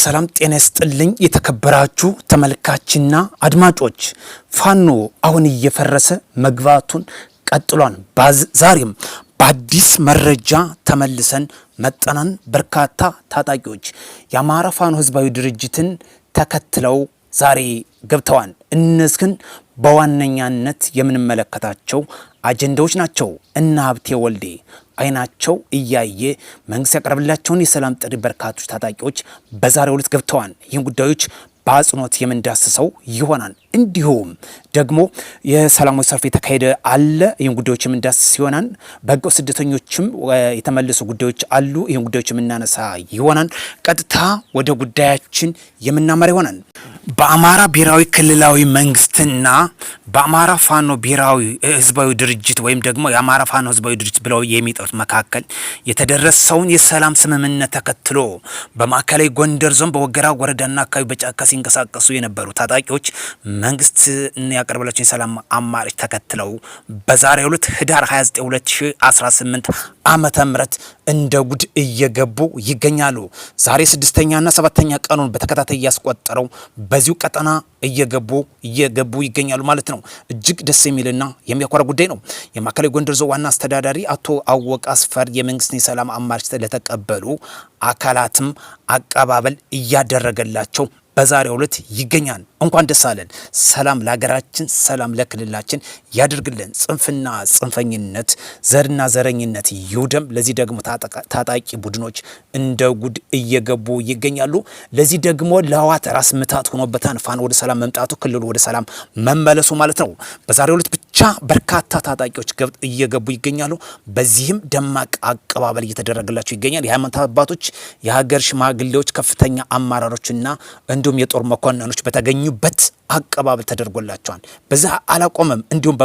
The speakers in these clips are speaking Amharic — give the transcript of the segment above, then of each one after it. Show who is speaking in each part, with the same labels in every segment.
Speaker 1: ሰላም ጤና ይስጥልኝ። የተከበራችሁ ተመልካችና አድማጮች ፋኖ አሁን እየፈረሰ መግባቱን ቀጥሏል። ዛሬም በአዲስ መረጃ ተመልሰን መጠናን በርካታ ታጣቂዎች የአማራ ፋኖ ህዝባዊ ድርጅትን ተከትለው ዛሬ ገብተዋል። እነዚህን በዋነኛነት የምንመለከታቸው አጀንዳዎች ናቸው። እነ ሀብቴ ወልዴ አይናቸው እያየ መንግስት ያቀረብላቸውን የሰላም ጥሪ በርካቶች ታጣቂዎች በዛሬው ዕለት ገብተዋል። ይህን ጉዳዮች በአጽንኦት የምንዳስሰው ይሆናል። እንዲሁም ደግሞ የሰላማዊ ሰልፍ የተካሄደ አለ። ይህን ጉዳዮች የምንዳስስ ይሆናል። በህገ ስደተኞችም የተመለሱ ጉዳዮች አሉ። ይህን ጉዳዮች የምናነሳ ይሆናል። ቀጥታ ወደ ጉዳያችን የምናመራ ይሆናል።
Speaker 2: በአማራ ብሔራዊ ክልላዊ መንግስትና በአማራ ፋኖ ብሔራዊ ህዝባዊ ድርጅት ወይም ደግሞ የአማራ ፋኖ ህዝባዊ ድርጅት ብለው የሚጠሩት መካከል የተደረሰውን የሰላም ስምምነት ተከትሎ በማዕከላዊ ጎንደር ዞን በወገራ ወረዳና አካባቢ በጫካ ሲንቀሳቀሱ የነበሩ ታጣቂዎች መንግስት ያቀረበላቸውን የሰላም አማራጭ ተከትለው በዛሬው ዕለት ህዳር 29 2018 ዓመተ ምህረት እንደ ጉድ እየገቡ ይገኛሉ። ዛሬ ስድስተኛና ሰባተኛ ቀኑን በተከታታይ እያስቆጠረው በዚሁ ቀጠና እየገቡ እየገቡ ይገኛሉ ማለት ነው። እጅግ ደስ የሚልና የሚያኮራ ጉዳይ ነው። የማዕከላዊ ጎንደር ዞን ዋና አስተዳዳሪ አቶ አወቀ አስፈር የመንግስትን የሰላም አማራጭ ለተቀበሉ አካላትም አቀባበል እያደረገላቸው በዛሬው ዕለት ይገኛል። እንኳን ደስ አለን። ሰላም ለሀገራችን፣ ሰላም ለክልላችን ያድርግልን። ጽንፍና ጽንፈኝነት፣ ዘርና ዘረኝነት ይውደም። ለዚህ ደግሞ ታጣቂ ቡድኖች እንደ ጉድ እየገቡ ይገኛሉ። ለዚህ ደግሞ ለህዋት ራስ ምታት ሆኖበታን ፋኖ ወደ ሰላም መምጣቱ፣ ክልሉ ወደ ሰላም መመለሱ ማለት ነው። በዛሬው ዕለት ብቻ በርካታ ታጣቂዎች እየገቡ ይገኛሉ። በዚህም ደማቅ አቀባበል እየተደረገላቸው ይገኛል። የሃይማኖት አባቶች፣ የሀገር ሽማግሌዎች፣ ከፍተኛ አመራሮችና እንዲሁም የጦር መኮንኖች በተገኙበት አቀባበል ተደርጎላቸዋል። በዛ አላቆመም። እንዲሁም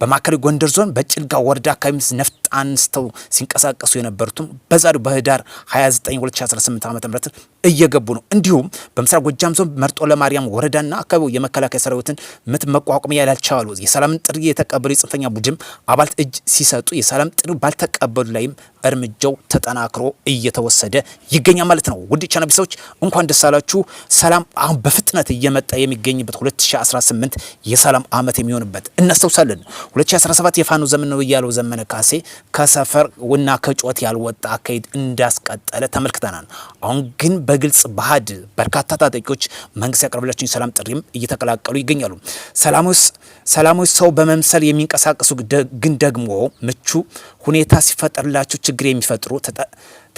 Speaker 2: በማዕከላዊ ጎንደር ዞን በጭልጋ ወረዳ አካባቢ ነፍጥ አንስተው ሲንቀሳቀሱ የነበሩትም በዛሬው በህዳር 29 2018 ዓ ም እየገቡ ነው። እንዲሁም በምስራቅ ጎጃም ዞን መርጦ ለማርያም ወረዳና አካባቢው የመከላከያ ሰራዊትን ምት መቋቋም ያላልቻሉ የሰላምን ጥሪ የተቀበሉ የጽንፈኛ ቡድን አባላት እጅ ሲሰጡ የሰላም ጥሪ ባልተቀበሉ ላይም እርምጃው ተጠናክሮ እየተወሰደ ይገኛል ማለት ነው። ውድ ቻናቢሰዎች እንኳን ደስ አላችሁ። ሰላም አሁን በፍጥነት እየመጣ የሚገኝበት 2018 የሰላም ዓመት የሚሆንበት እናስተውሳለን። 2017 የፋኖ ዘመን ነው እያለው ዘመነ ካሴ ከሰፈር ውና ከጩኸት ያልወጣ አካሄድ እንዳስቀጠለ ተመልክተናል። አሁን ግን በግልጽ ባህድ በርካታ ታጣቂዎች መንግስት ያቀረበላቸው የሰላም ጥሪም እየተቀላቀሉ ይገኛሉ። ሰላማዊ ሰው በመምሰል የሚንቀሳቀሱ ግን ደግሞ ምቹ ሁኔታ ሲፈጠርላቸው ችግር የሚፈጥሩ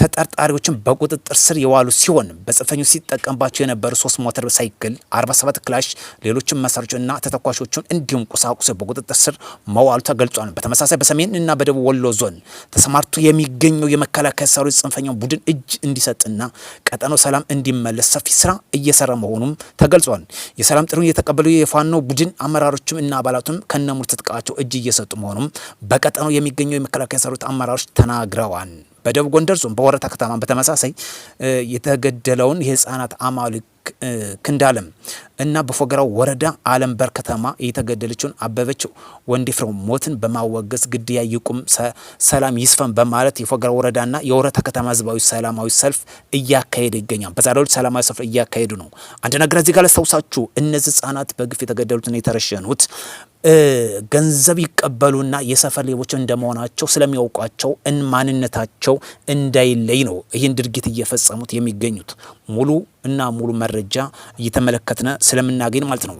Speaker 2: ተጠርጣሪዎችን በቁጥጥር ስር የዋሉ ሲሆን በጽንፈኞች ሲጠቀምባቸው የነበሩ ሶስት ሞተር ሳይክል፣ 47 ክላሽ፣ ሌሎችን መሳሪያዎች እና ተተኳሾቹን እንዲሁም ቁሳቁስ በቁጥጥር ስር መዋሉ ተገልጿል። በተመሳሳይ በሰሜን እና በደቡብ ወሎ ዞን ተሰማርቶ የሚገኘው የመከላከያ ሰራዊት ጽንፈኛው ቡድን እጅ እንዲሰጥና ቀጠናው ሰላም እንዲመለስ ሰፊ ስራ እየሰራ መሆኑም ተገልጿል። የሰላም ጥሪውን የተቀበሉ የፋኖ ቡድን አመራሮችም እና አባላቱም ከነሙሉ ትጥቃቸው እጅ እየሰጡ መሆኑም በቀጠናው የሚገኘው የመከላከያ ሰራዊት አመራሮች ተናግረዋል። በደቡብ ጎንደር ዞን በወረታ ከተማ በተመሳሳይ የተገደለውን የህፃናት አማልክ ክንዳለም እና በፎገራው ወረዳ አለምበር ከተማ የተገደለችውን አበበች ወንድፍረው ሞትን በማወገዝ ግድያ ይቁም፣ ሰላም ይስፈን በማለት የፎገራው ወረዳና የወረታ ከተማ ህዝባዊ ሰላማዊ ሰልፍ እያካሄደ ይገኛል። በዛሬው ሰላማዊ ሰልፍ እያካሄዱ ነው። አንድ ነገር እዚህ ጋር ላስታውሳችሁ፣ እነዚህ ህጻናት በግፍ የተገደሉትና የተረሸኑት ገንዘብ ይቀበሉና የሰፈር ሌቦች እንደመሆናቸው ስለሚያውቋቸው ማንነታቸው እንዳይለይ ነው ይህን ድርጊት እየፈጸሙት የሚገኙት ሙሉ እና ሙሉ መረጃ እየተመለከትነ ስለምናገኝ ማለት ነው።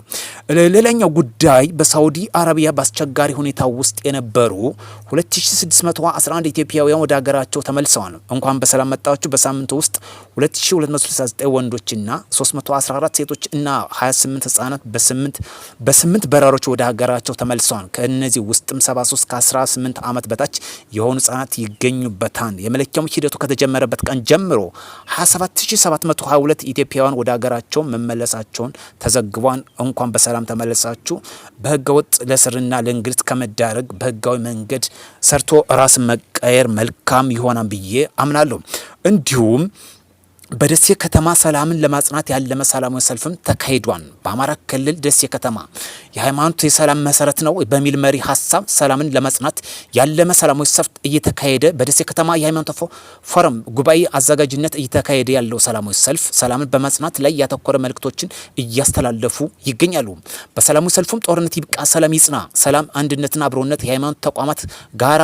Speaker 2: ሌላኛው ጉዳይ በሳውዲ አረቢያ በአስቸጋሪ ሁኔታ ውስጥ የነበሩ 2611 ኢትዮጵያውያን ወደ ሀገራቸው ተመልሰዋል። እንኳን በሰላም መጣችሁ። በሳምንቱ ውስጥ 2269 ወንዶችና 314 ሴቶች እና 28 ህጻናት በስምንት በረሮች ወደ ሀገራቸው ተመልሰዋል። ከእነዚህ ውስጥም 73 ከ18 ዓመት በታች የሆኑ ህጻናት ይገኙበታል። የመለኪያውም ሂደቱ ከተጀመረበት ቀን ጀምሮ 27722 ኢትዮጵያውያን ወደ ሀገራቸው መመለሳቸውን ተዘግቧን። እንኳን በሰላም ተመለሳችሁ። በህገወጥ ለስርና ለእንግልት ከመዳረግ በህጋዊ መንገድ ሰርቶ ራስ መቀየር መልካም ይሆናል ብዬ አምናለሁ። እንዲሁም በደሴ ከተማ ሰላምን ለማጽናት ያለመ ሰላማዊ ሰልፍም ተካሂዷል። በአማራ ክልል ደሴ ከተማ የሃይማኖት የሰላም መሰረት ነው በሚል መሪ ሀሳብ ሰላምን ለማጽናት ያለመ ሰላማዊ ሰልፍ እየተካሄደ በደሴ ከተማ የሃይማኖት ፎረም ጉባኤ አዘጋጅነት እየተካሄደ ያለው ሰላማዊ ሰልፍ ሰላምን በማጽናት ላይ ያተኮረ መልእክቶችን እያስተላለፉ ይገኛሉ። በሰላማዊ ሰልፉም ጦርነት ይብቃ፣ ሰላም ይጽና፣ ሰላም አንድነትና አብሮነት የሃይማኖት ተቋማት ጋራ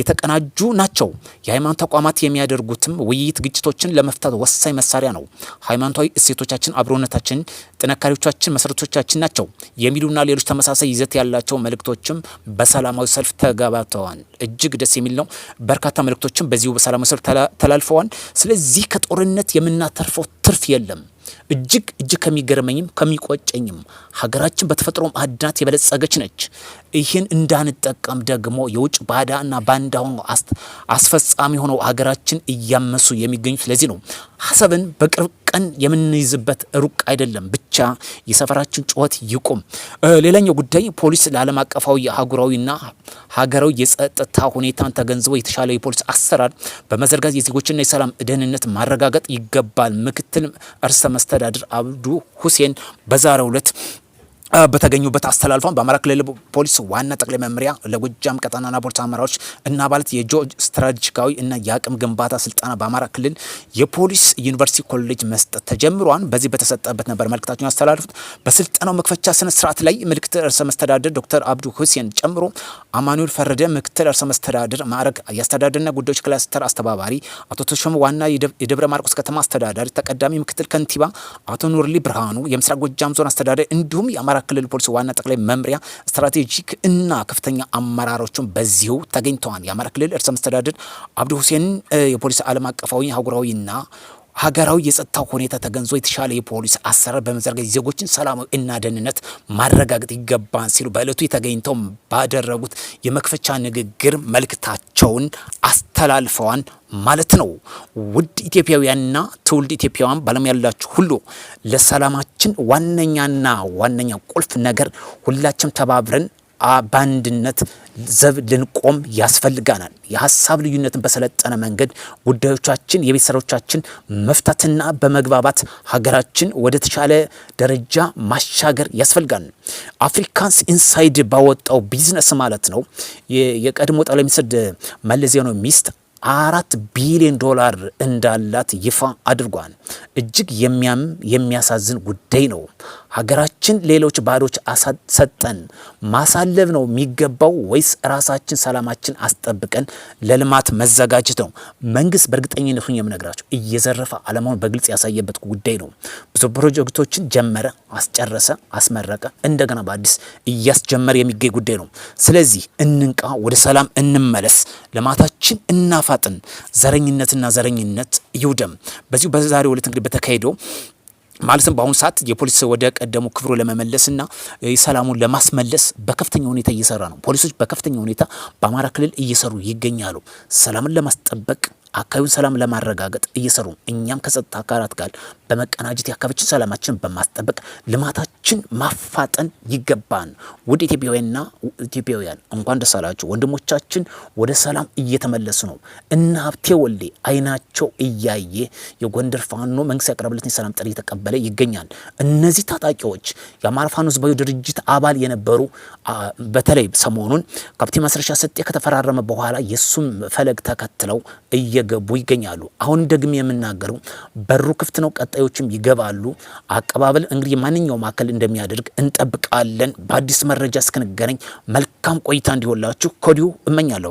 Speaker 2: የተቀናጁ ናቸው። የሃይማኖት ተቋማት የሚያደርጉትም ውይይት ግጭቶችን ለመፍታት ወሳኝ ወሳኝ መሳሪያ ነው። ሃይማኖታዊ እሴቶቻችን፣ አብሮነታችን፣ ጥንካሬዎቻችን መሰረቶቻችን ናቸው የሚሉና ሌሎች ተመሳሳይ ይዘት ያላቸው መልእክቶችም በሰላማዊ ሰልፍ ተጋባተዋል። እጅግ ደስ የሚል ነው። በርካታ መልእክቶችም በዚሁ በሰላማዊ ሰልፍ ተላልፈዋል። ስለዚህ ከጦርነት የምናተርፈው ትርፍ የለም። እጅግ እጅግ ከሚገርመኝም ከሚቆጨኝም ሀገራችን በተፈጥሮ ማዕድናት የበለጸገች ነች። ይህን እንዳንጠቀም ደግሞ የውጭ ባዳና ባንዳ ሆኖ አስፈጻሚ ሆነው ሀገራችን እያመሱ የሚገኙት ለዚህ ነው። አሰብን በቅርብ ቀን የምንይዝበት ሩቅ አይደለም። ብቻ የሰፈራችን ጩኸት ይቁም። ሌላኛው ጉዳይ ፖሊስ ለዓለም አቀፋዊ አህጉራዊና ሀገራዊ የጸጥታ ሁኔታን ተገንዝቦ የተሻለ የፖሊስ አሰራር በመዘርጋት የዜጎችና የሰላም ደህንነት ማረጋገጥ ይገባል። ምክትል እርሰ መስተዳድር አብዱ ሁሴን በዛሬው ዕለት በተገኙበት አስተላልፏል። በአማራ ክልል ፖሊስ ዋና ጠቅላይ መምሪያ ለጎጃም ቀጠናና ቦርሳ አመራሮች እና አባላት የጆርጅ ስትራቴጂካዊ እና የአቅም ግንባታ ስልጠና በአማራ ክልል የፖሊስ ዩኒቨርሲቲ ኮሌጅ መስጠት ተጀምሯል። በዚህ በተሰጠበት ነበር መልእክታቸውን ያስተላልፉት። በስልጠናው መክፈቻ ስነ ስርዓት ላይ ምክትል ርዕሰ መስተዳደር ዶክተር አብዱ ሁሴን ጨምሮ አማኑኤል ፈረደ ምክትል ርዕሰ መስተዳደር ማዕረግ የአስተዳደርና ጉዳዮች ክላስተር አስተባባሪ፣ አቶ ተሾመ ዋና የደብረ ማርቆስ ከተማ አስተዳዳሪ ተቀዳሚ ምክትል ከንቲባ፣ አቶ ኑርሊ ብርሃኑ የምስራቅ ጎጃም ዞን አስተዳዳሪ እንዲሁም የአማራ ክልል ፖሊስ ዋና ጠቅላይ መምሪያ ስትራቴጂክ እና ከፍተኛ አመራሮችን በዚሁ ተገኝተዋል። የአማራ ክልል እርሰ መስተዳድር አብዱ ሁሴን የፖሊስ ዓለም አቀፋዊ አህጉራዊና ሀገራዊ የጸጥታው ሁኔታ ተገንዝቦ የተሻለ የፖሊስ አሰራር በመዘርጋት ዜጎችን ሰላማዊ እና ደህንነት ማረጋገጥ ይገባን ሲሉ በእለቱ የተገኝተው ባደረጉት የመክፈቻ ንግግር መልእክታቸውን አስተላልፈዋል ማለት ነው። ውድ ኢትዮጵያውያንና ትውልድ ኢትዮጵያውያን ባለም ያላችሁ ሁሉ ለሰላማችን ዋነኛና ዋነኛ ቁልፍ ነገር ሁላችንም ተባብረን በአንድነት ዘብ ልንቆም ያስፈልጋናል። የሀሳብ ልዩነትን በሰለጠነ መንገድ ጉዳዮቻችን የቤት ስራዎቻችን መፍታትና በመግባባት ሀገራችን ወደ ተሻለ ደረጃ ማሻገር ያስፈልጋል። አፍሪካንስ ኢንሳይድ ባወጣው ቢዝነስ ማለት ነው የቀድሞ ጠቅላይ ሚኒስትር መለስ ዜናዊ ሚስት አራት ቢሊዮን ዶላር እንዳላት ይፋ አድርጓል። እጅግ የሚያም የሚያሳዝን ጉዳይ ነው። ሀገራችን ሌሎች ባዶች ሰጠን። ማሳለብ ነው የሚገባው ወይስ ራሳችን ሰላማችን አስጠብቀን ለልማት መዘጋጀት ነው? መንግስት በእርግጠኝነት ሁኝ የምነግራቸው እየዘረፈ አለማውን በግልጽ ያሳየበት ጉዳይ ነው። ብዙ ፕሮጀክቶችን ጀመረ፣ አስጨረሰ፣ አስመረቀ፣ እንደገና በአዲስ እያስጀመረ የሚገኝ ጉዳይ ነው። ስለዚህ እንንቃ፣ ወደ ሰላም እንመለስ፣ ልማታችን እና ያፋጥን፣ ዘረኝነትና ዘረኝነት ይውደም። በዚሁ በዛሬው ዕለት እንግዲህ በተካሄደው ማለትም በአሁኑ ሰዓት የፖሊስ ወደ ቀደሙ ክብሩ ለመመለስና ሰላሙን ለማስመለስ በከፍተኛ ሁኔታ እየሰራ ነው። ፖሊሶች በከፍተኛ ሁኔታ በአማራ ክልል እየሰሩ ይገኛሉ። ሰላምን ለማስጠበቅ አካባቢውን ሰላም ለማረጋገጥ እየሰሩ እኛም ከጸጥታ አካላት ጋር በመቀናጀት የአካባቢችን ሰላማችን በማስጠበቅ ልማታችን ማፋጠን ይገባን። ውድ ኢትዮጵያውያንና ኢትዮጵያውያን እንኳን ደስ አላችሁ። ወንድሞቻችን ወደ ሰላም እየተመለሱ ነው። እነ ሀብቴ ወልዴ አይናቸው እያየ የጎንደር ፋኖ መንግስት ያቀረበለትን የሰላም ጥሪ እየተቀበለ ይገኛል። እነዚህ ታጣቂዎች የአማራ ፋኖ ህዝባዊ ድርጅት አባል የነበሩ በተለይ ሰሞኑን ካፕቴን ማስረሻ ሰጤ ከተፈራረመ በኋላ የእሱም ፈለግ ተከትለው እየገቡ ይገኛሉ። አሁን ደግሞ የምናገረው በሩ ክፍት ነው። ቀጣይ ተፈናቃዮችም ይገባሉ። አቀባበል እንግዲህ ማንኛውም አካል እንደሚያደርግ እንጠብቃለን። በአዲስ መረጃ እስክንገናኝ መልካም ቆይታ እንዲሆንላችሁ ከወዲሁ እመኛለሁ።